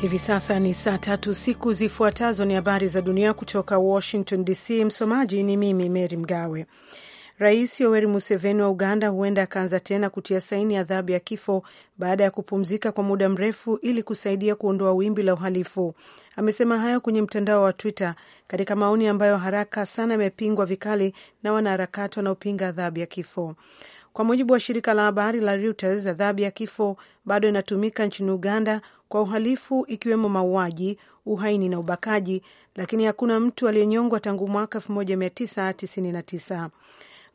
Hivi sasa ni saa tatu siku zifuatazo. Ni habari za dunia kutoka Washington DC. Msomaji ni mimi Mary Mgawe. Rais Yoweri Museveni wa Uganda huenda akaanza tena kutia saini adhabu ya kifo baada ya kupumzika kwa muda mrefu ili kusaidia kuondoa wimbi la uhalifu. Amesema hayo kwenye mtandao wa Twitter katika maoni ambayo haraka sana yamepingwa vikali na wanaharakati wanaopinga adhabu ya kifo. Kwa mujibu wa shirika la habari la Reuters, adhabu ya kifo bado inatumika nchini Uganda kwa uhalifu ikiwemo mauaji, uhaini na ubakaji, lakini hakuna mtu aliyenyongwa tangu mwaka 1999.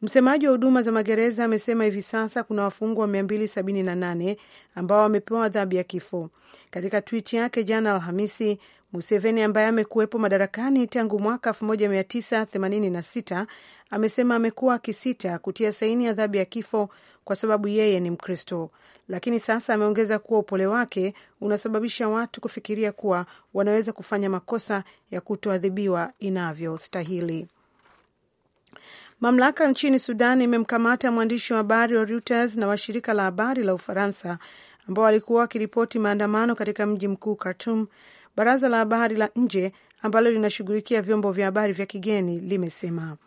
Msemaji wa huduma za magereza amesema hivi sasa kuna wafungwa 278 ambao wamepewa adhabu ya kifo. Katika twit yake jana Alhamisi, Museveni ambaye amekuwepo madarakani tangu mwaka 1986 amesema amekuwa akisita kutia saini adhabu ya kifo kwa sababu yeye ni Mkristo, lakini sasa ameongeza kuwa upole wake unasababisha watu kufikiria kuwa wanaweza kufanya makosa ya kutoadhibiwa inavyostahili. Mamlaka nchini Sudan imemkamata mwandishi wa habari wa Reuters na washirika la habari la Ufaransa ambao walikuwa wakiripoti maandamano katika mji mkuu Khartum. Baraza la habari la nje ambalo linashughulikia vyombo vya habari vya kigeni limesema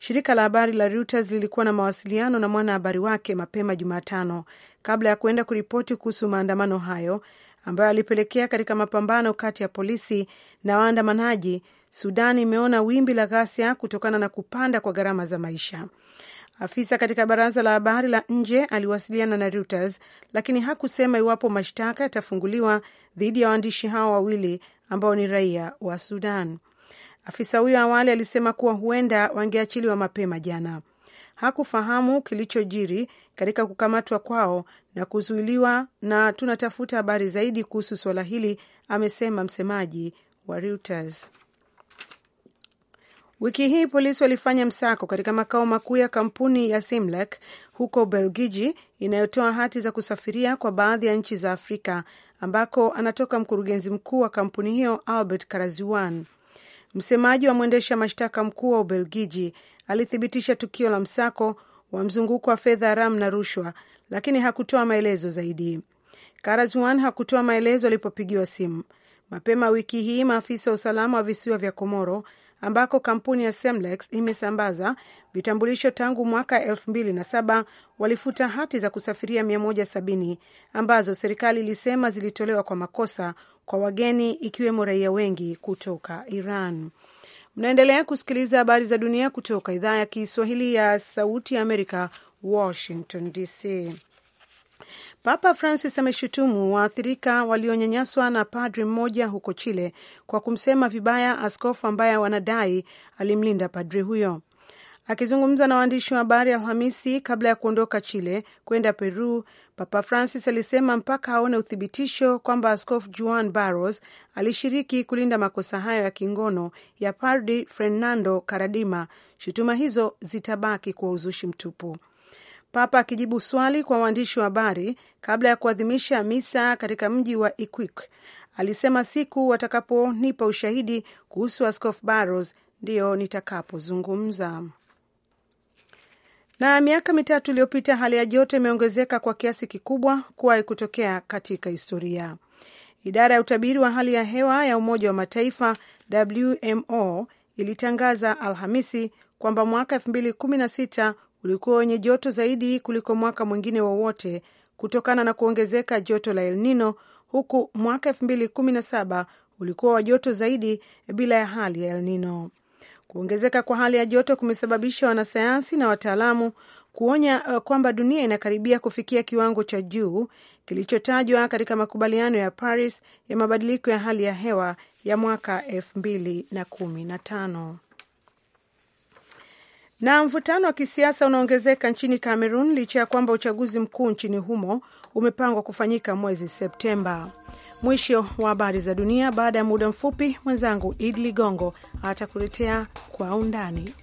Shirika la habari la Reuters lilikuwa na mawasiliano na mwanahabari wake mapema Jumatano kabla ya kuenda kuripoti kuhusu maandamano hayo ambayo alipelekea katika mapambano kati ya polisi na waandamanaji. Sudan imeona wimbi la ghasia kutokana na kupanda kwa gharama za maisha. Afisa katika baraza la habari la nje aliwasiliana na Reuters lakini hakusema iwapo mashtaka yatafunguliwa dhidi ya waandishi hao wawili ambao ni raia wa Sudan. Afisa huyo awali alisema kuwa huenda wangeachiliwa mapema jana. Hakufahamu kilichojiri katika kukamatwa kwao na kuzuiliwa, na tunatafuta habari zaidi kuhusu suala hili, amesema msemaji wa Reuters. Wiki hii polisi walifanya msako katika makao makuu ya kampuni ya Simlek huko Belgiji, inayotoa hati za kusafiria kwa baadhi ya nchi za Afrika ambako anatoka mkurugenzi mkuu wa kampuni hiyo Albert Karaziwan. Msemaji wa mwendesha mashtaka mkuu wa Ubelgiji alithibitisha tukio la msako wa mzunguko wa fedha haramu na rushwa, lakini hakutoa maelezo zaidi. Karazwan hakutoa maelezo alipopigiwa simu mapema wiki hii. Maafisa wa usalama wa visiwa vya Komoro ambako kampuni ya Semlex imesambaza vitambulisho tangu mwaka elfu mbili na saba walifuta hati za kusafiria 170 ambazo serikali ilisema zilitolewa kwa makosa kwa wageni ikiwemo raia wengi kutoka Iran. Mnaendelea kusikiliza habari za dunia kutoka idhaa ya Kiswahili ya Sauti ya Amerika, Washington DC. Papa Francis ameshutumu waathirika walionyanyaswa na padri mmoja huko Chile kwa kumsema vibaya askofu ambaye wanadai alimlinda padri huyo. Akizungumza na waandishi wa habari Alhamisi kabla ya kuondoka Chile kwenda Peru, Papa Francis alisema mpaka aone uthibitisho kwamba Askofu Juan Barros alishiriki kulinda makosa hayo ya kingono ya pardi Fernando Karadima, shutuma hizo zitabaki kuwa uzushi mtupu. Papa akijibu swali kwa waandishi wa habari kabla ya kuadhimisha misa katika mji wa Iquique alisema siku watakaponipa ushahidi kuhusu Askofu Barros ndiyo nitakapozungumza. Na miaka mitatu iliyopita hali ya joto imeongezeka kwa kiasi kikubwa kuwahi kutokea katika historia. Idara ya utabiri wa hali ya hewa ya Umoja wa Mataifa WMO ilitangaza Alhamisi kwamba mwaka 2016 ulikuwa wenye joto zaidi kuliko mwaka mwingine wowote kutokana na kuongezeka joto la El Nino, huku mwaka 2017 ulikuwa wa joto zaidi bila ya hali ya El Nino. Kuongezeka kwa hali ya joto kumesababisha wanasayansi na wataalamu kuonya uh, kwamba dunia inakaribia kufikia kiwango cha juu kilichotajwa katika makubaliano ya Paris ya mabadiliko ya hali ya hewa ya mwaka elfu mbili na kumi na tano. Na mvutano wa kisiasa unaongezeka nchini Cameroon licha ya kwamba uchaguzi mkuu nchini humo umepangwa kufanyika mwezi Septemba. Mwisho wa habari za dunia. Baada ya muda mfupi, mwenzangu Idi Ligongo atakuletea kwa undani.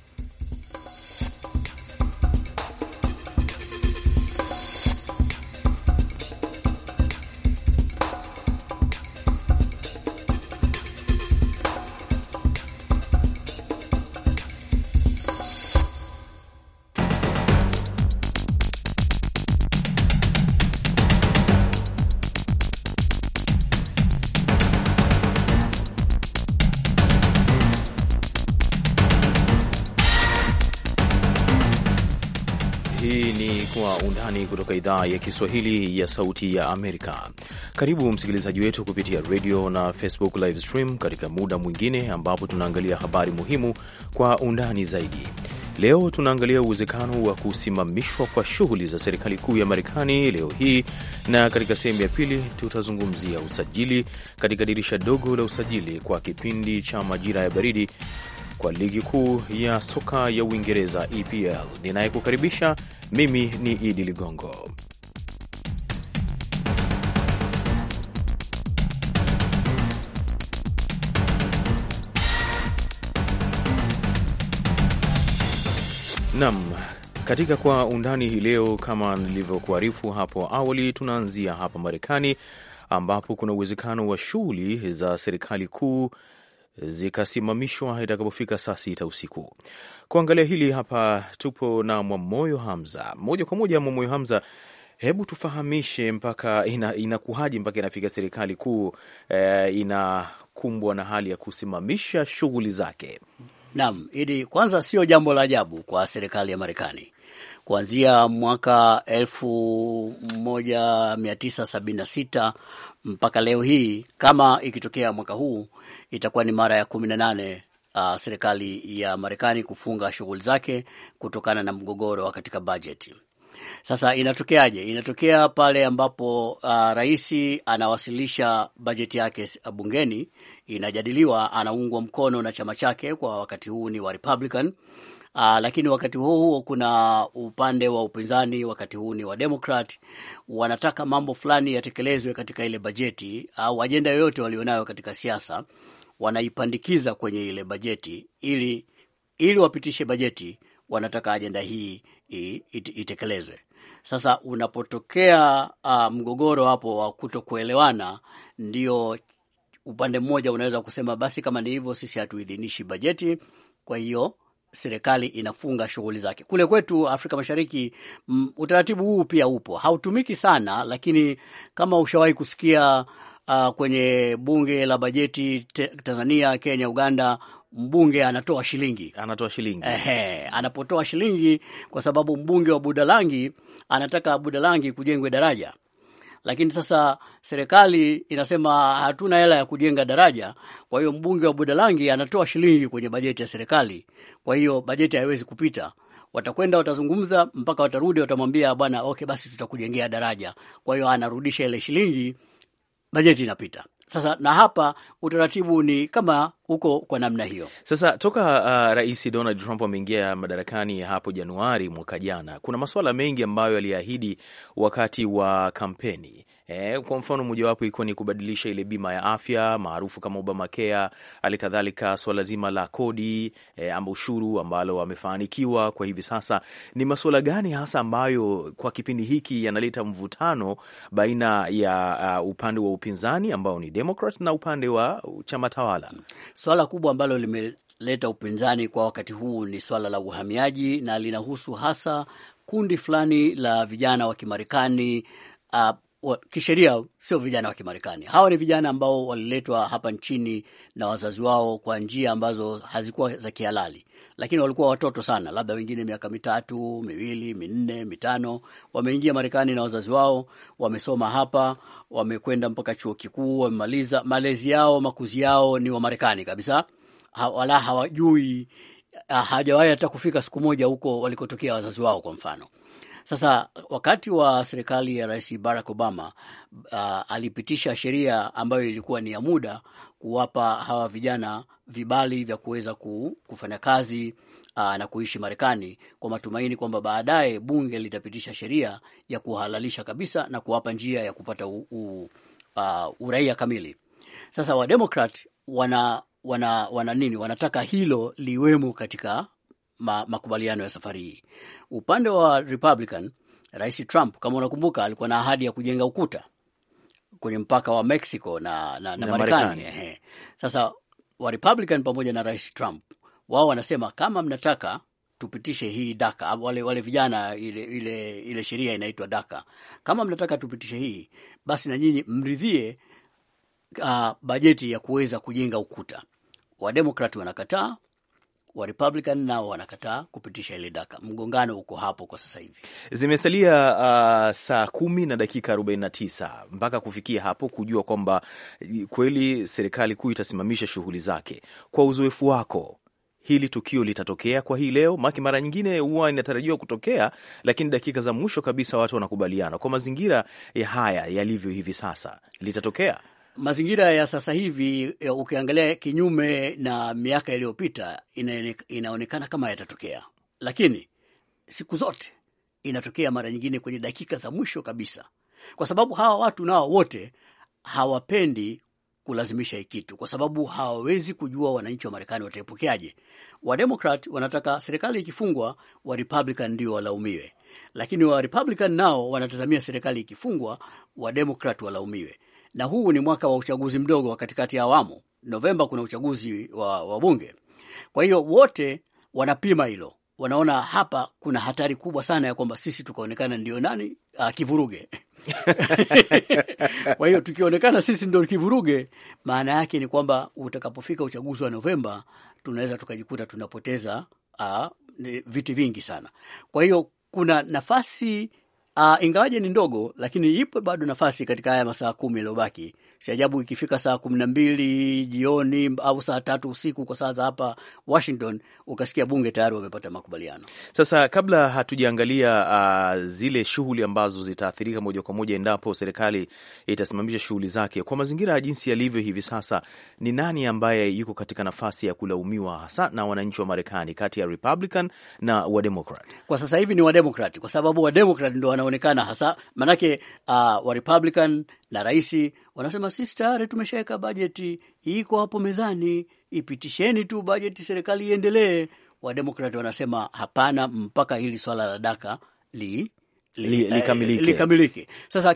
Undani kutoka idhaa ya Kiswahili ya Sauti ya Amerika. Karibu msikilizaji wetu kupitia radio na Facebook live stream katika muda mwingine ambapo tunaangalia habari muhimu kwa undani zaidi. Leo tunaangalia uwezekano wa kusimamishwa kwa shughuli za serikali kuu ya Marekani leo hii, na katika sehemu ya pili tutazungumzia usajili katika dirisha dogo la usajili kwa kipindi cha majira ya baridi kwa ligi kuu ya soka ya Uingereza, EPL. Ninayekukaribisha mimi ni Idi Ligongo. Nam, katika kwa undani hii leo, kama nilivyokuarifu hapo awali, tunaanzia hapa Marekani ambapo kuna uwezekano wa shughuli za serikali kuu zikasimamishwa itakapofika saa sita usiku. Kuangalia hili hapa tupo na Mwamoyo Hamza moja kwa moja. Mwamoyo Hamza, hebu tufahamishe mpaka inakuhaji ina mpaka inafika serikali kuu e, inakumbwa na hali ya kusimamisha shughuli zake. Naam, ili kwanza, sio jambo la ajabu kwa serikali ya Marekani kuanzia mwaka 1976 mpaka leo hii. Kama ikitokea mwaka huu, itakuwa ni mara ya kumi na nane uh, serikali ya Marekani kufunga shughuli zake kutokana na mgogoro wa katika bajeti. Sasa inatokeaje? Inatokea pale ambapo uh, rais anawasilisha bajeti yake bungeni, inajadiliwa, anaungwa mkono na chama chake, kwa wakati huu ni wa Republican Aa, ah, lakini wakati huo huo kuna upande wa upinzani, wakati huu ni wa Democrat, wanataka mambo fulani yatekelezwe katika ile bajeti au ajenda yoyote walionayo katika siasa wanaipandikiza kwenye ile bajeti ili, ili wapitishe bajeti, wanataka ajenda hii it, itekelezwe. Sasa unapotokea uh, mgogoro hapo wa kutokuelewana, ndio upande mmoja unaweza kusema basi, kama ni hivyo, sisi hatuidhinishi bajeti, kwa hiyo serikali inafunga shughuli zake. Kule kwetu Afrika Mashariki m, mm, utaratibu huu pia upo, hautumiki sana, lakini kama ushawahi kusikia uh, kwenye bunge la bajeti te, Tanzania, Kenya, Uganda mbunge anatoa shilingi, anatoa shilingi. Ehe, anapotoa shilingi kwa sababu mbunge wa Budalangi anataka Budalangi kujengwe daraja lakini sasa serikali inasema hatuna hela ya kujenga daraja. Kwa hiyo mbunge wa Budalangi anatoa shilingi kwenye bajeti ya serikali, kwa hiyo bajeti haiwezi kupita. Watakwenda watazungumza mpaka watarudi, watamwambia bwana, okay, basi tutakujengea daraja. Kwa hiyo anarudisha ile shilingi, bajeti inapita. Sasa na hapa utaratibu ni kama uko kwa namna hiyo. Sasa toka uh, Rais Donald Trump ameingia madarakani hapo Januari mwaka jana, kuna masuala mengi ambayo aliahidi wakati wa kampeni E, kwa mfano mojawapo iko ni kubadilisha ile bima ya afya maarufu kama Obamacare, kadhalika swala zima la kodi e, ama ushuru ambalo wamefanikiwa kwa hivi sasa. Ni masuala gani hasa ambayo kwa kipindi hiki yanaleta mvutano baina ya uh, upande wa upinzani ambao ni Democrat na upande wa chama tawala? Swala kubwa ambalo limeleta upinzani kwa wakati huu ni swala la uhamiaji na linahusu hasa kundi fulani la vijana wa Kimarekani uh, kisheria sio vijana wa Kimarekani. Hawa ni vijana ambao waliletwa hapa nchini na wazazi wao kwa njia ambazo hazikuwa za kihalali, lakini walikuwa watoto sana, labda wengine miaka mitatu, miwili, minne, mitano. Wameingia Marekani na wazazi wao, wamesoma hapa, wamekwenda mpaka chuo kikuu, wamemaliza. Malezi yao, makuzi yao ni wa Marekani kabisa, wala hawajui, hajawahi hata kufika siku moja huko walikotokea wazazi wao, kwa mfano sasa wakati wa serikali ya Rais Barack Obama uh, alipitisha sheria ambayo ilikuwa ni ya muda kuwapa hawa vijana vibali vya kuweza kufanya kazi uh, na kuishi Marekani kwa matumaini kwamba baadaye bunge litapitisha sheria ya kuhalalisha kabisa na kuwapa njia ya kupata u, u, uh, uraia kamili. Sasa Wademokrat wana, wana, wana nini wanataka hilo liwemo katika ma, makubaliano ya safari hii. Upande wa Republican, Rais Trump kama unakumbuka, alikuwa na ahadi ya kujenga ukuta kwenye mpaka wa Mexico na, na, na, na Marekani. Sasa wa Republican pamoja na Rais Trump wao wanasema kama mnataka tupitishe hii daka wale, wale vijana ile, ile, ile sheria inaitwa daka, kama mnataka tupitishe hii basi na nyinyi mridhie uh, bajeti ya kuweza kujenga ukuta. Wademokrati wanakataa, wa Republican nao wanakataa kupitisha ile daka. Mgongano uko hapo kwa sasa hivi. Zimesalia uh, saa kumi na dakika 49 mpaka kufikia hapo kujua kwamba kweli serikali kuu itasimamisha shughuli zake. Kwa uzoefu wako hili tukio litatokea kwa hii leo? Maki mara nyingine huwa inatarajiwa kutokea, lakini dakika za mwisho kabisa watu wanakubaliana. Kwa mazingira ya eh, haya yalivyo hivi sasa, litatokea? Mazingira ya sasa hivi e, ukiangalia kinyume na miaka iliyopita, inaonekana kama yatatokea, lakini siku zote inatokea mara nyingine kwenye dakika za mwisho kabisa, kwa sababu hawa watu nao wote hawapendi kulazimisha hii kitu, kwa sababu hawawezi kujua wananchi wa Marekani wataipokeaje. Wademokrat wanataka serikali ikifungwa, Warepublican ndio walaumiwe, lakini warpblican nao wanatazamia serikali ikifungwa, Wademokrat walaumiwe na huu ni mwaka wa uchaguzi mdogo wa katikati ya awamu. Novemba kuna uchaguzi wa, wa bunge. Kwa hiyo wote wanapima hilo, wanaona hapa kuna hatari kubwa sana ya kwamba sisi tukaonekana ndio nani a, ah, kivuruge kwa hiyo tukionekana sisi ndio kivuruge, maana yake ni kwamba utakapofika uchaguzi wa Novemba tunaweza tukajikuta tunapoteza a, ah, viti vingi sana. Kwa hiyo kuna nafasi Uh, ingawaje ni ndogo lakini ipo bado nafasi katika haya masaa kumi yaliyobaki. Si ajabu ikifika saa kumi na mbili jioni au saa tatu usiku kwa saa za hapa Washington ukasikia bunge tayari wamepata makubaliano. Sasa kabla hatujaangalia uh, zile shughuli ambazo zitaathirika moja kwa moja endapo serikali itasimamisha shughuli zake, kwa mazingira ya jinsi yalivyo hivi sasa, ni nani ambaye yuko katika nafasi ya kulaumiwa hasa na wananchi wa Marekani kati ya Republican na Wademokrat? Kwa sasa hivi ni Wademokrat kwa sababu Wademokrat ndo wana inaonekana hasa manake, uh, wa Republican na rahisi wanasema sisi tayari tumeshaweka bajeti iko hapo mezani, ipitisheni tu bajeti, serikali iendelee. Wademokrat wanasema hapana, mpaka hili swala la daka li likamilike li, li li eh, li sasa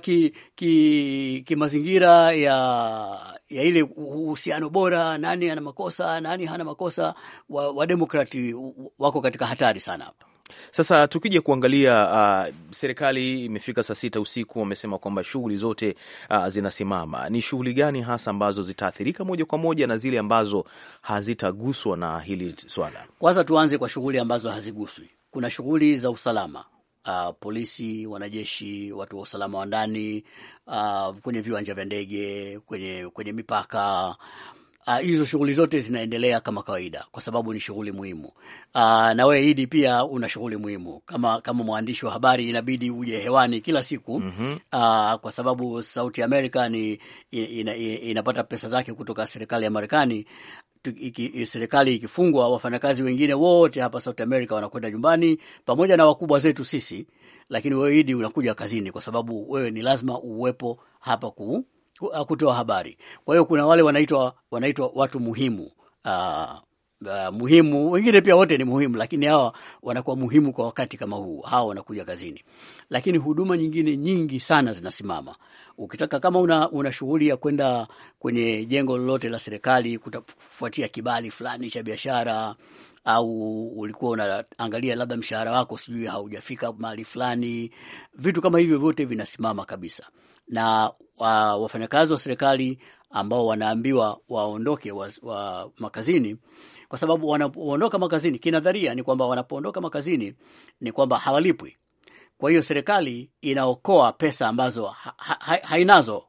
kimazingira ki, ki ya, ya ile uhusiano bora, nani ana makosa nani hana makosa, wademokrati wa wako katika hatari sana hapa. Sasa tukija kuangalia uh, serikali imefika saa sita usiku, wamesema kwamba shughuli zote uh, zinasimama. Ni shughuli gani hasa ambazo zitaathirika moja kwa moja na zile ambazo hazitaguswa na hili swala? Kwanza tuanze kwa shughuli ambazo haziguswi. Kuna shughuli za usalama Uh, polisi, wanajeshi, watu wa usalama wa ndani, uh, kwenye viwanja vya ndege, kwenye, kwenye mipaka, Ah, hizo uh, shughuli zote zinaendelea kama kawaida, kwa sababu ni shughuli muhimu. Uh, na wewe Idi pia una shughuli muhimu kama kama mwandishi wa habari, inabidi uje hewani kila siku mm -hmm. Uh, kwa sababu Sauti Amerika ni ina, ina, inapata pesa zake kutoka serikali ya Marekani. Iki, serikali ikifungwa, wafanyakazi wengine wote hapa South America wanakwenda nyumbani pamoja na wakubwa zetu sisi, lakini wewe Idi unakuja kazini, kwa sababu wewe ni lazima uwepo hapa ku Uh, kutoa habari. Kwa hiyo kuna wale wanaitwa wanaitwa watu muhimu aa, uh, uh, muhimu wengine pia wote ni muhimu, lakini hawa wanakuwa muhimu kwa wakati kama huu, hawa wanakuja kazini. Lakini huduma nyingine nyingi sana zinasimama. Ukitaka kama una, una shughuli ya kwenda kwenye jengo lolote la serikali kutafuatia kibali fulani cha biashara, au ulikuwa unaangalia labda mshahara wako sijui haujafika mahali fulani, vitu kama hivyo vyote vinasimama kabisa na wa, wafanyakazi wa serikali ambao wanaambiwa waondoke wa, wa makazini kwa sababu wanapoondoka makazini, kinadharia ni kwamba wanapoondoka makazini ni kwamba hawalipwi. Kwa hiyo serikali inaokoa pesa ambazo ha, ha, hainazo.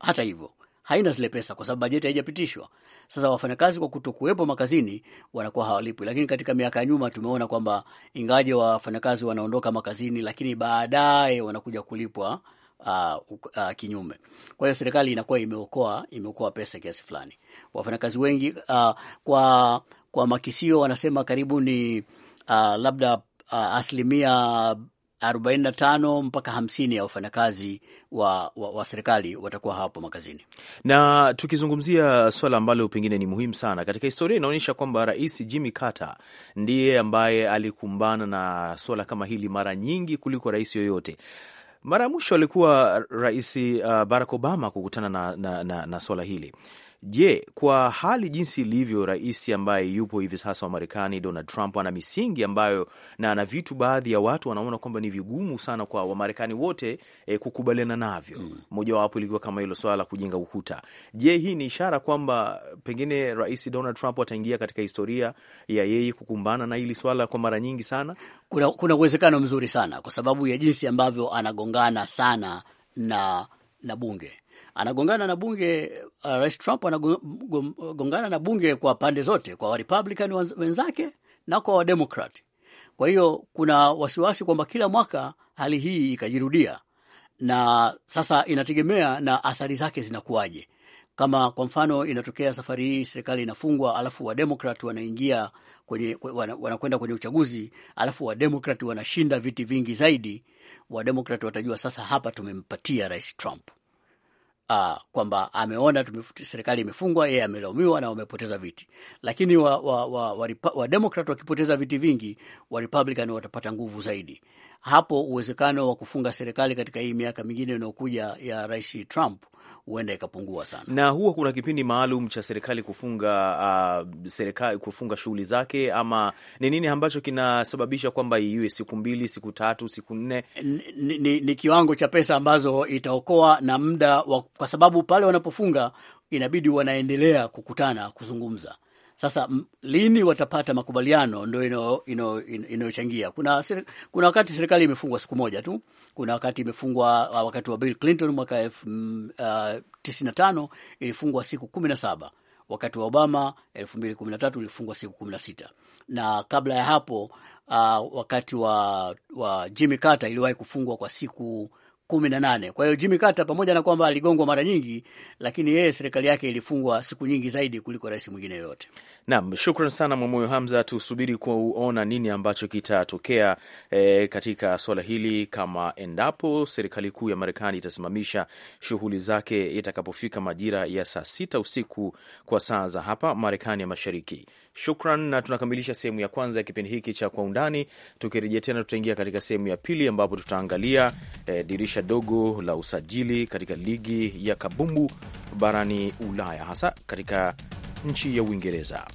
Hata hivyo haina zile pesa kwa sababu bajeti haijapitishwa. Sasa wafanyakazi kwa kutokuwepo makazini wanakuwa hawalipwi, lakini katika miaka ya nyuma tumeona kwamba ingawaje wafanyakazi wanaondoka makazini, lakini baadaye wanakuja kulipwa uh, uh, kinyume. Kwa hiyo serikali inakuwa imeokoa imeokoa pesa kiasi fulani. Wafanyakazi wengi uh, kwa kwa makisio wanasema karibu ni uh, labda uh, asilimia 45 mpaka 50 ya wafanyakazi wa, wa, wa serikali watakuwa hapo makazini. Na tukizungumzia swala ambalo pengine ni muhimu sana katika historia, inaonyesha kwamba Rais Jimmy Carter ndiye ambaye alikumbana na swala kama hili mara nyingi kuliko rais yoyote. Mara ya mwisho alikuwa Rais uh, Barack Obama kukutana na, na, na, na swala hili Je, kwa hali jinsi ilivyo, rais ambaye yupo hivi sasa wa Marekani Donald Trump ana misingi ambayo na ana vitu baadhi ya watu wanaona kwamba ni vigumu sana kwa Wamarekani wote e, kukubaliana navyo mm. Mojawapo ilikuwa kama hilo swala la kujenga ukuta. Je, hii ni ishara kwamba pengine rais Donald Trump ataingia katika historia ya yeye kukumbana na hili swala kwa mara nyingi sana? Kuna, kuna uwezekano mzuri sana kwa sababu ya jinsi ambavyo anagongana sana na na bunge anagongana na bunge uh, Rais Trump anagongana na bunge kwa pande zote, kwa Warepublican wenzake na kwa Wademokrat. Kwa hiyo kuna wasiwasi kwamba kila mwaka hali hii ikajirudia, na sasa inategemea na athari zake zinakuwaje. Kama kwa mfano inatokea safari hii serikali inafungwa, alafu wademokrat wanaingia kwenye, wanakwenda kwenye uchaguzi, alafu wademokrat wanashinda viti vingi zaidi, wademokrat watajua sasa, hapa tumempatia Rais Trump uh, kwamba ameona serikali imefungwa, yeye amelaumiwa na wamepoteza viti, lakini wa, wa, wa, wa, wa Democrat wakipoteza viti vingi, wa Republican watapata nguvu zaidi. Hapo uwezekano wa kufunga serikali katika hii miaka mingine inayokuja ya Rais Trump huenda ikapungua sana. Na huwa kuna kipindi maalum cha serikali kufunga uh, serikali kufunga shughuli zake, ama ni nini ambacho kinasababisha kwamba iwe siku mbili, siku tatu, siku nne? Ni, ni, ni kiwango cha pesa ambazo itaokoa na muda kwa sababu pale wanapofunga inabidi wanaendelea kukutana kuzungumza sasa lini watapata makubaliano ndo inayochangia. Kuna, kuna wakati serikali imefungwa siku moja tu, kuna wakati imefungwa uh, wakati wa Bill Clinton mwaka elfu uh, tisini na tano ilifungwa siku kumi na saba wakati wa Obama elfu mbili kumi na tatu ilifungwa siku kumi na sita na kabla ya hapo uh, wakati wa, wa Jimmy Carter iliwahi kufungwa kwa siku kumi na nane. Kwa hiyo Jimmy Carter pamoja na kwamba aligongwa mara nyingi, lakini yeye serikali yake ilifungwa siku nyingi zaidi kuliko rais mwingine yoyote. Naam, shukran sana Mwamoyo Hamza, tusubiri kuona nini ambacho kitatokea e, katika swala hili, kama endapo serikali kuu ya Marekani itasimamisha shughuli zake itakapofika majira ya saa sita usiku kwa saa za hapa Marekani ya Mashariki. Shukran, na tunakamilisha sehemu ya kwanza ya kipindi hiki cha Kwa Undani. Tukirejea tena, tutaingia katika sehemu ya pili ambapo tutaangalia eh, dirisha dogo la usajili katika ligi ya kabumbu barani Ulaya, hasa katika nchi ya Uingereza.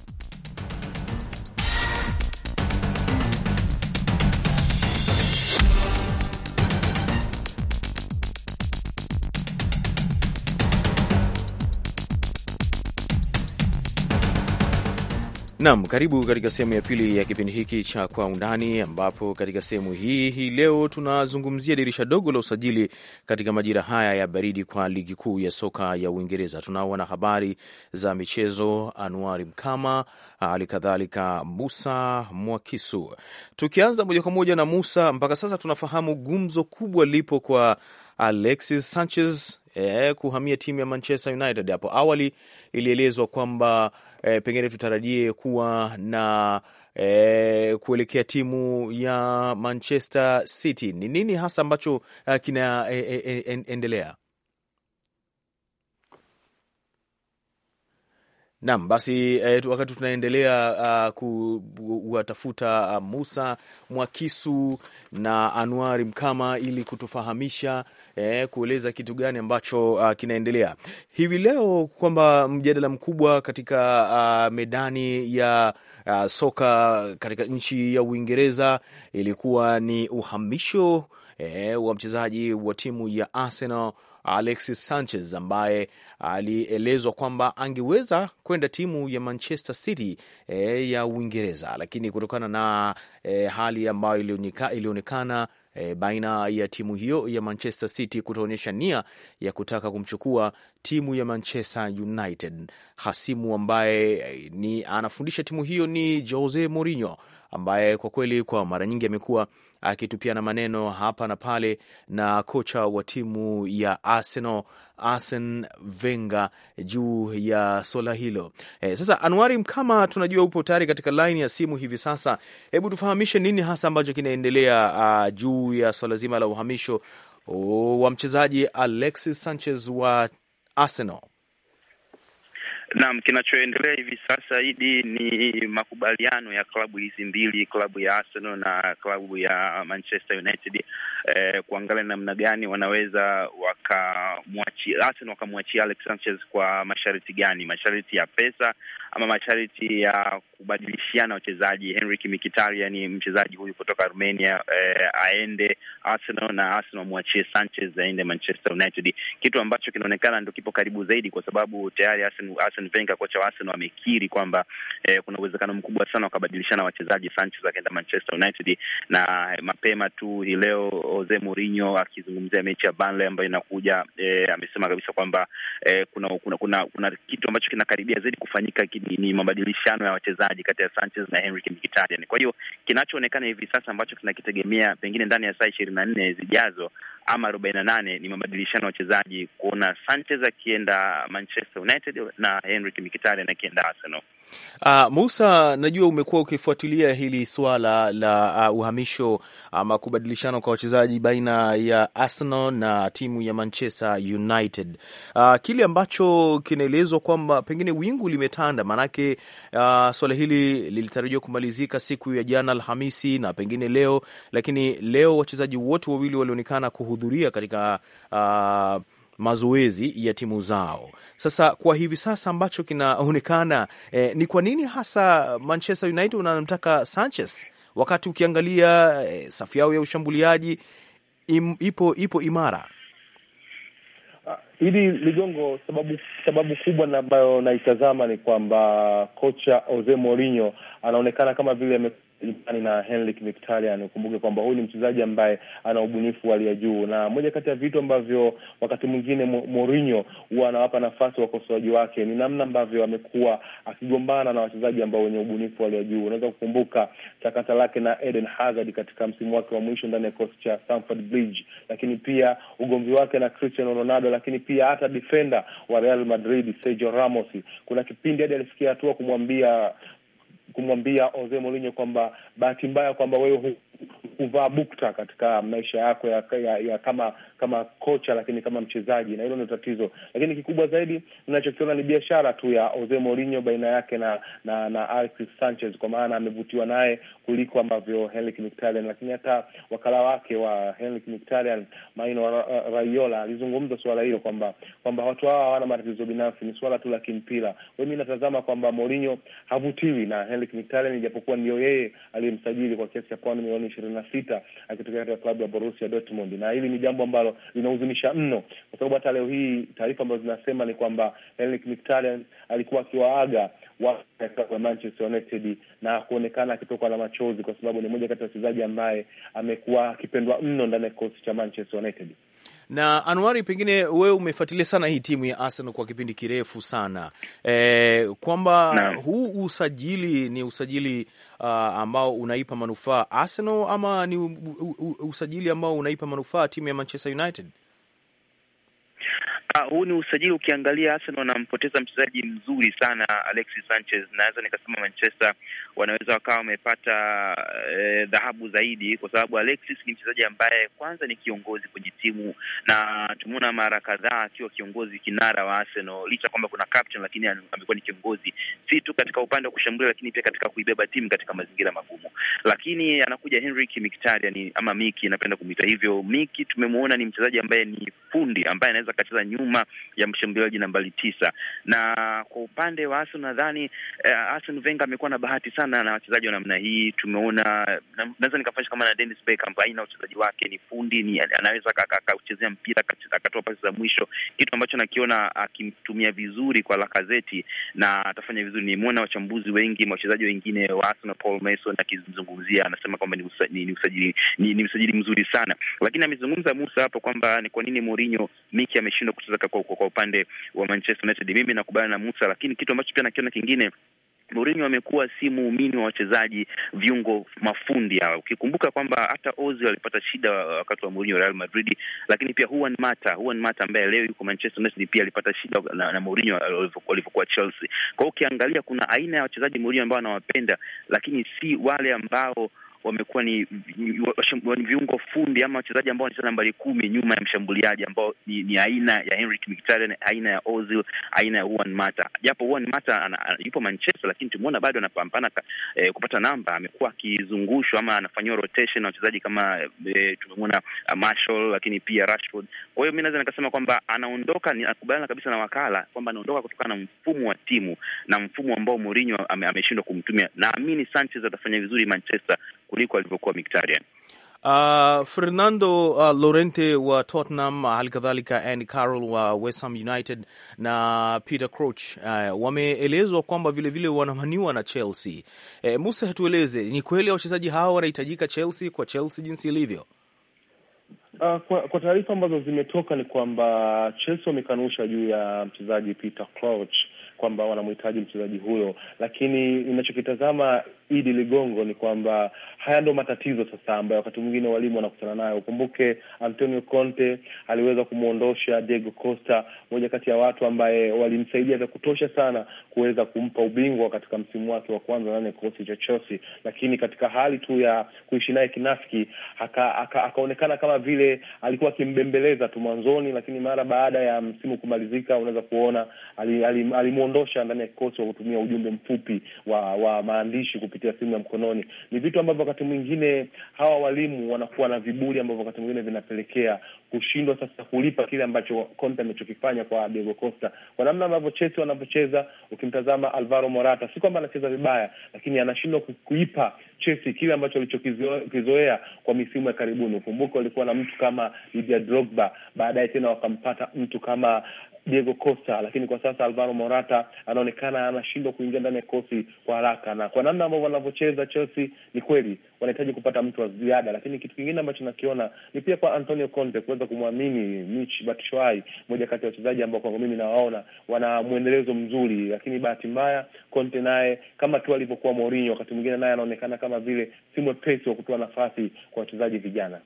nam karibu katika sehemu ya pili ya kipindi hiki cha Kwa Undani, ambapo katika sehemu hii hii leo tunazungumzia dirisha dogo la usajili katika majira haya ya baridi kwa ligi kuu ya soka ya Uingereza. Tunao wanahabari za michezo Anuari Mkama, hali kadhalika Musa Mwakisu. Tukianza moja kwa moja na Musa, mpaka sasa tunafahamu gumzo kubwa lipo kwa Alexis Sanchez eh, kuhamia timu ya Manchester United. Hapo awali ilielezwa kwamba eh, pengine tutarajie kuwa na E, kuelekea timu ya Manchester City. Ni nini hasa ambacho eh, kinaendelea? Eh, e, e, Nam basi eh, wakati tunaendelea ah, kuwatafuta ah, Musa Mwakisu na Anuari Mkama ili kutufahamisha eh, kueleza kitu gani ambacho uh, kinaendelea hivi leo, kwamba mjadala mkubwa katika uh, medani ya uh, soka katika nchi ya Uingereza ilikuwa ni uhamisho eh, wa mchezaji wa timu ya Arsenal Alexis Sanchez ambaye alielezwa kwamba angeweza kwenda timu ya Manchester City e, ya Uingereza, lakini kutokana na e, hali ambayo ilionekana e, baina ya timu hiyo ya Manchester City kutaonyesha nia ya kutaka kumchukua timu ya Manchester United. Hasimu ambaye e, ni anafundisha timu hiyo ni Jose Mourinho ambaye kwa kweli kwa mara nyingi amekuwa akitupiana maneno hapa na pale na kocha wa timu ya Arsenal Arsene Wenger juu ya swala hilo. E, sasa anuari Mkama, tunajua upo tayari katika laini ya simu hivi sasa. Hebu tufahamishe nini hasa ambacho kinaendelea uh, juu ya swala zima la uhamisho uh, wa mchezaji Alexis Sanchez wa Arsenal. Naam, kinachoendelea hivi sasa hidi ni makubaliano ya klabu hizi mbili, klabu ya Arsenal na klabu ya Manchester United eh, kuangalia namna gani wanaweza wakamwachi Arsenal wakamwachia Alex Sanchez kwa masharti gani, masharti ya pesa ama masharti ya kubadilishiana wachezaji. Henrik Mkhitaryan ni mchezaji huyu kutoka Armenia eh, aende Arsenal na Arsenal amwachie Sanchez aende Manchester United, kitu ambacho kinaonekana ndo kipo karibu zaidi, kwa sababu tayari Arsene Wenger, kocha wa Arsenal, amekiri kwamba eh, kuna uwezekano mkubwa sana wakabadilishana wachezaji, Sanchez akaenda Manchester United. Na mapema tu hii leo Jose Mourinho akizungumzia mechi ya Burnley ambayo inakuja, eh, amesema kabisa kwamba eh, kuna, kuna, kuna, kuna kitu ambacho kinakaribia zaidi kufanyika, ni mabadilishano ya wachezaji mchezaji kati ya Sanchez na Henrik Mkhitaryan. Kwa hiyo kinachoonekana hivi sasa ambacho tunakitegemea pengine ndani ya saa ishirini na nne zijazo ama arobaini na nane ni mabadilishano ya wachezaji, kuona Sanchez akienda Manchester United na Henrik Mkhitaryan akienda Arsenal. Uh, Musa, najua umekuwa ukifuatilia hili swala la uh, uhamisho ama uh, kubadilishana kwa wachezaji baina ya Arsenal na timu ya Manchester United. Uh, kile ambacho kinaelezwa kwamba pengine wingu limetanda, maanake uh, swala hili lilitarajiwa kumalizika siku ya jana Alhamisi na pengine leo, lakini leo wachezaji wote wawili walionekana kuhudhuria katika uh, mazoezi ya timu zao. Sasa kwa hivi sasa ambacho kinaonekana eh, ni kwa nini hasa Manchester United unamtaka Sanchez wakati ukiangalia eh, safu yao ya ushambuliaji im, ipo ipo imara ah, hili ligongo. Sababu sababu kubwa ambayo naitazama ni kwamba kocha Jose Mourinho anaonekana kama vile Ilipani na Henrik Mkhitaryan. Ukumbuke kwamba huyu ni mchezaji ambaye ana ubunifu wa hali ya juu, na moja kati ya vitu ambavyo wakati mwingine Mourinho huwa anawapa nafasi wakosoaji wake ni namna ambavyo amekuwa akigombana na wachezaji ambao wenye ubunifu wa hali ya juu. Unaweza kukumbuka takata lake na Eden Hazard katika msimu wake wa mwisho ndani ya kikosi cha Stamford Bridge, lakini pia ugomvi wake na Cristiano Ronaldo, lakini pia hata defender wa Real Madrid Sergio Ramos, kuna kipindi hadi alifikia hatua kumwambia kumwambia Jose Mourinho kwamba bahati mbaya kwamba wewe kuvaa bukta katika maisha yako ya, ya, ya kama kama kocha, lakini kama mchezaji, na hilo ndio tatizo. Lakini kikubwa zaidi inachokiona ni biashara tu ya Jose Mourinho baina yake na na, na Alexis Sanchez, kwa maana amevutiwa naye kuliko ambavyo Henrik Mkhitaryan. Lakini hata wakala wake wa Henrik Mkhitaryan Maino Raiola alizungumza suala hilo kwamba kwamba watu hawa hawana matatizo binafsi, ni suala tu la kimpira. Mi natazama kwamba Mourinho havutiwi na Henrik Mkhitaryan, ijapokuwa ndio yeye aliyemsajili kwa kiasi cha pauni milioni ishirini na sita akitokea katika klabu ya Borussia Dortmund, na hili ni jambo ambalo linahuzunisha mno, kwa sababu hata leo hii taarifa ambazo zinasema ni kwamba Henrik Mkhitaryan alikuwa akiwaaga klabu ya Manchester United na kuonekana akitokwa na machozi, kwa sababu ni mmoja kati ya wachezaji ambaye amekuwa akipendwa mno ndani ya kikosi cha Manchester United. Na Anuari, pengine wewe umefuatilia sana hii timu ya Arsenal kwa kipindi kirefu sana e, kwamba huu usajili ni usajili uh, ambao unaipa manufaa Arsenal ama ni u, u, usajili ambao unaipa manufaa timu ya Manchester United? Ah, huu ni usajili ukiangalia, Arsenal wanampoteza mchezaji mzuri sana Alexis Sanchez. Naweza nikasema Manchester wanaweza wakawa wamepata eh, dhahabu e, zaidi, kwa sababu Alexis ni mchezaji ambaye kwanza ni kiongozi kwenye timu na tumeona mara kadhaa akiwa kiongozi kinara wa Arsenal, licha kwamba kuna captain, lakini amekuwa ni kiongozi si tu katika upande wa kushambulia, lakini pia katika kuibeba timu katika mazingira magumu. Lakini anakuja Henrik Mkhitaryan ama Miki, napenda kumwita hivyo. Miki tumemwona ni mchezaji ambaye ni fundi ambaye anaweza akacheza nyuma ya mshambuliaji nambari tisa. Na kwa upande wa Arsenal nadhani eh, Arsene Wenger amekuwa na bahati sana na wachezaji wa namna hii. Tumeona naweza nikafanisha kama na Dennis Bergkamp, aina uchezaji wake ni fundi, ni anaweza akauchezea mpira akatoa pasi za mwisho, kitu ambacho nakiona akimtumia vizuri kwa Lacazette na atafanya vizuri. Nimeona wachambuzi wengi, wachezaji wengine wa Arsenal, Paul Mason akizungumzia, anasema kwamba ni usajili ni, ni mzuri sana, lakini amezungumza Musa hapo kwamba ni kwa nini Mourinho Miki ameshindwa kucheza kwa, kwa upande wa Manchester United. Mimi nakubaliana na Musa, lakini kitu ambacho pia nakiona kingine Mourinho amekuwa si muumini wa wachezaji viungo mafundi hawa. Ukikumbuka kwamba hata Ozil alipata shida wakati wa Mourinho Real Madrid, lakini pia Juan Mata, Juan Mata ambaye leo yuko Manchester United pia alipata shida na, na Mourinho walivyokuwa Chelsea. Kwa hiyo ukiangalia kuna aina ya wachezaji Mourinho ambao anawapenda, lakini si wale ambao wamekuwa ni viungo fundi ama wachezaji ambao wanacheza nambari kumi nyuma ya mshambuliaji ambao ni, ni aina ya Henrik Mkhitaryan, aina ya Ozil, aina ya Juan Mata. Japo Juan Mata yupo Manchester, lakini tumeona bado anapambana eh, kupata namba. Amekuwa akizungushwa ama anafanyiwa rotation na wachezaji kama eh, tumemwona uh, ah, Marshall, lakini pia Rashford. Kwa hiyo mi naweza nikasema kwamba anaondoka, nakubaliana kabisa na wakala kwamba anaondoka kutokana na mfumo wa timu na mfumo ambao Mourinho ameshindwa kumtumia. Naamini Sanchez atafanya vizuri Manchester kuliko alivyokuwa Mkhitaryan. Uh, Fernando uh, Lorente wa Tottenham uh, hali kadhalika Andy Carroll wa West Ham United na Peter Crouch uh, wameelezwa kwamba vilevile wanamaniwa na Chelsea. Eh, Musa, hatueleze ni kweli wachezaji hawa wanahitajika Chelsea kwa Chelsea jinsi ilivyo? Uh, kwa, kwa taarifa ambazo zimetoka ni kwamba Chelsea wamekanusha juu ya mchezaji Peter Crouch kwamba wanamhitaji mchezaji huyo, lakini inachokitazama Idi Ligongo ni kwamba haya ndo matatizo sasa ambayo wakati mwingine walimu wanakutana nayo. Ukumbuke Antonio Conte aliweza kumwondosha Diego Costa, moja kati ya watu ambaye walimsaidia vya kutosha sana kuweza kumpa ubingwa katika msimu wake wa kwanza ndani ya kikosi cha Chelsea, lakini katika hali tu ya kuishi naye kinafiki akaonekana kama vile alikuwa akimbembeleza tu mwanzoni, lakini mara baada ya msimu kumalizika, unaweza kuona alimwondosha ali, ali ndani ya kikosi kwa kutumia ujumbe mfupi wa, wa maandishi kupitia simu ya mkononi. Ni vitu ambavyo wakati mwingine hawa walimu wanakuwa na viburi ambavyo wakati mwingine vinapelekea kushindwa sasa kulipa kile ambacho Conte amechokifanya kwa Diego Costa, kwa namna ambavyo Chelsea wanavyocheza. Ukimtazama Alvaro Morata, si kwamba anacheza vibaya, lakini anashindwa kuipa Chelsea kile ambacho alichokizoea kwa misimu ya karibuni. Ukumbuke walikuwa na mtu kama Didier Drogba, baadaye tena wakampata mtu kama Diego Costa, lakini kwa sasa Alvaro Morata anaonekana anashindwa kuingia ndani ya kikosi kwa haraka, na kwa namna ambavyo wanavyocheza Chelsea, ni kweli wanahitaji kupata mtu wa ziada. Lakini kitu kingine ambacho nakiona ni pia kwa Antonio Conte kuweza kumwamini michi Batshuayi, moja kati ya wachezaji ambao kwangu mimi nawaona wana mwendelezo mzuri, lakini bahati mbaya Conte naye kama tu alivyokuwa Mourinho, wakati mwingine naye anaonekana kama vile si mwepesi wa kutoa nafasi kwa wachezaji vijana.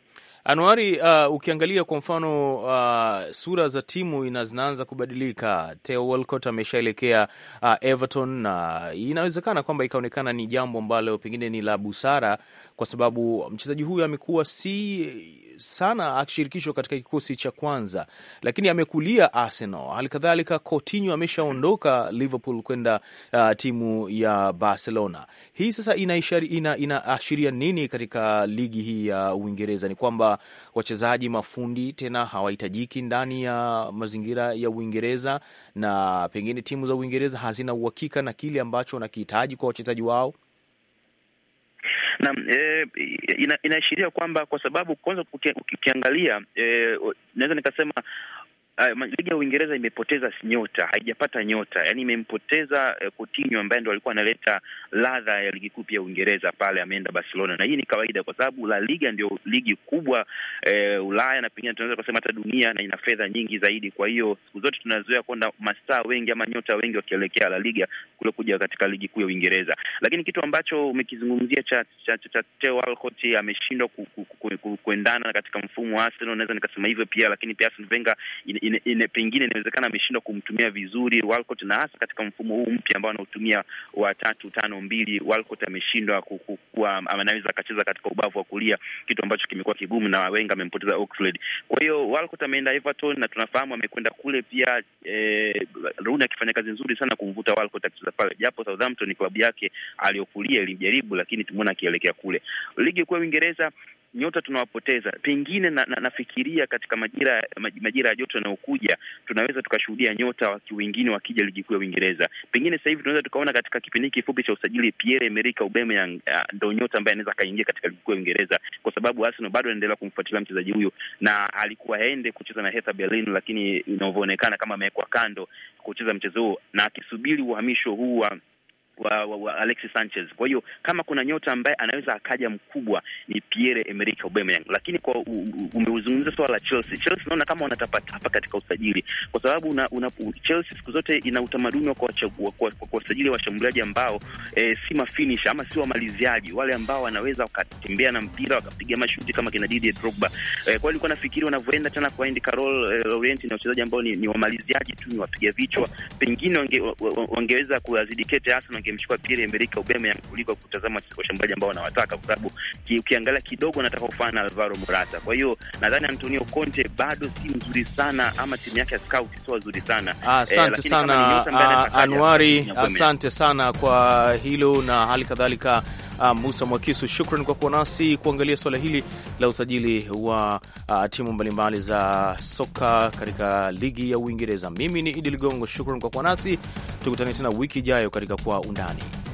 Anuari, uh, ukiangalia kwa mfano uh, sura za timu zinaanza kubadilika. Theo Walcott ameshaelekea uh, Everton na uh, inawezekana kwamba ikaonekana ni jambo ambalo pengine ni la busara, kwa sababu mchezaji huyu amekuwa si sana akishirikishwa katika kikosi cha kwanza, lakini amekulia Arsenal. Halikadhalika, Coutinho ameshaondoka Liverpool kwenda uh, timu ya Barcelona. Hii sasa inaashiria ina, ina nini katika ligi hii ya Uingereza? Ni kwamba wachezaji mafundi tena hawahitajiki ndani ya mazingira ya Uingereza, na pengine timu za Uingereza hazina uhakika na kile ambacho wanakihitaji kwa wachezaji wao na e, ina, inaashiria kwamba kwa sababu kwanza ukiangalia e, naweza nikasema uh, ligi ya Uingereza imepoteza nyota, haijapata nyota, yani imempoteza uh, Coutinho ambaye ndo alikuwa analeta ladha ya ligi kuu ya Uingereza pale, ameenda Barcelona, na hii ni kawaida kwa sababu La Liga ndio ligi kubwa uh, Ulaya na pengine tunaweza kusema hata dunia, na ina fedha nyingi zaidi. Kwa hiyo siku zote tunazoea kuona mastaa wengi ama nyota wengi wakielekea La Liga kule kuja katika ligi kuu ya Uingereza, lakini kitu ambacho umekizungumzia cha, cha, cha, cha Theo Walcott ameshindwa ku, ku, ku, ku, kuendana katika mfumo wa Arsenal, naweza nikasema hivyo pia, lakini pia Arsene Wenger in, in ine, ine, pengine inawezekana ameshindwa kumtumia vizuri Walcott, na hasa katika mfumo huu mpya ambao anautumia wa tatu tano mbili, Walcott ameshindwa kuwa anaweza akacheza katika ubavu wa kulia, kitu ambacho kimekuwa kigumu na Wenger amempoteza Oxlade. Kwa hiyo Walcott ameenda Everton na tunafahamu amekwenda kule pia eh, Rooney akifanya kazi nzuri sana kumvuta Walcott akicheza pale, japo Southampton klabu yake aliyokulia ilimjaribu, lakini tumeona akielekea kule ligi kuu ya Uingereza nyota tunawapoteza pengine na, na, nafikiria katika majira majira ya joto yanayokuja tunaweza tukashuhudia nyota wa wengine wakija ligi kuu ya Uingereza. Pengine sasa hivi tunaweza tukaona katika kipindi hiki kifupi cha usajili Pierre Emerick Aubameyang ah, ndo nyota ambaye anaweza akaingia katika ligi kuu ya Uingereza, kwa sababu Arsenal bado anaendelea kumfuatilia mchezaji huyu, na alikuwa aende kucheza na Hertha Berlin, lakini inavyoonekana kama amewekwa kando kucheza mchezo huo na akisubiri uhamisho huu wa wa, wa, wa Alexis Sanchez. Kwa hiyo kama kuna nyota ambaye anaweza akaja mkubwa ni Pierre Emerick Aubameyang, lakini kwa umeuzungumza swala la Chelsea, Chelsea naona kama wanatapatapa katika usajili, kwa sababu una, una, Chelsea siku zote ina utamaduni wa kuwasajili washambuliaji ambao e, si mafinisha ama si wamaliziaji, wale ambao wanaweza wakatembea na mpira wakapiga mashuti kama kina Didier Drogba. E, kwa nilikuwa nafikiri wanavyoenda tena kwa Andy Carroll e, eh, Laurent na wachezaji ambao ni, ni wamaliziaji tu, ni wapiga vichwa, pengine wange, wangeweza kuazidikete Arsenal angemchukua Pierre Emerick Aubameyang kuliko kutazama washambuliaji ambao wanawataka, kwa sababu ukiangalia kidogo anataka kufana na Alvaro Morata. Kwa hiyo nadhani Antonio Conte bado si mzuri sana, ama timu yake ya scout sio nzuri sana. Ah, eh, asante eh, sana Anuari, ah, asante sana kwa hilo na hali kadhalika Ah, Musa Mwakisu, shukran kwa kuwa nasi kuangalia suala hili la usajili wa uh, timu mbalimbali za soka katika ligi ya Uingereza. Mimi ni Idi Ligongo, shukran kwa kuwa nasi, tukutane tena wiki ijayo katika kwa undani.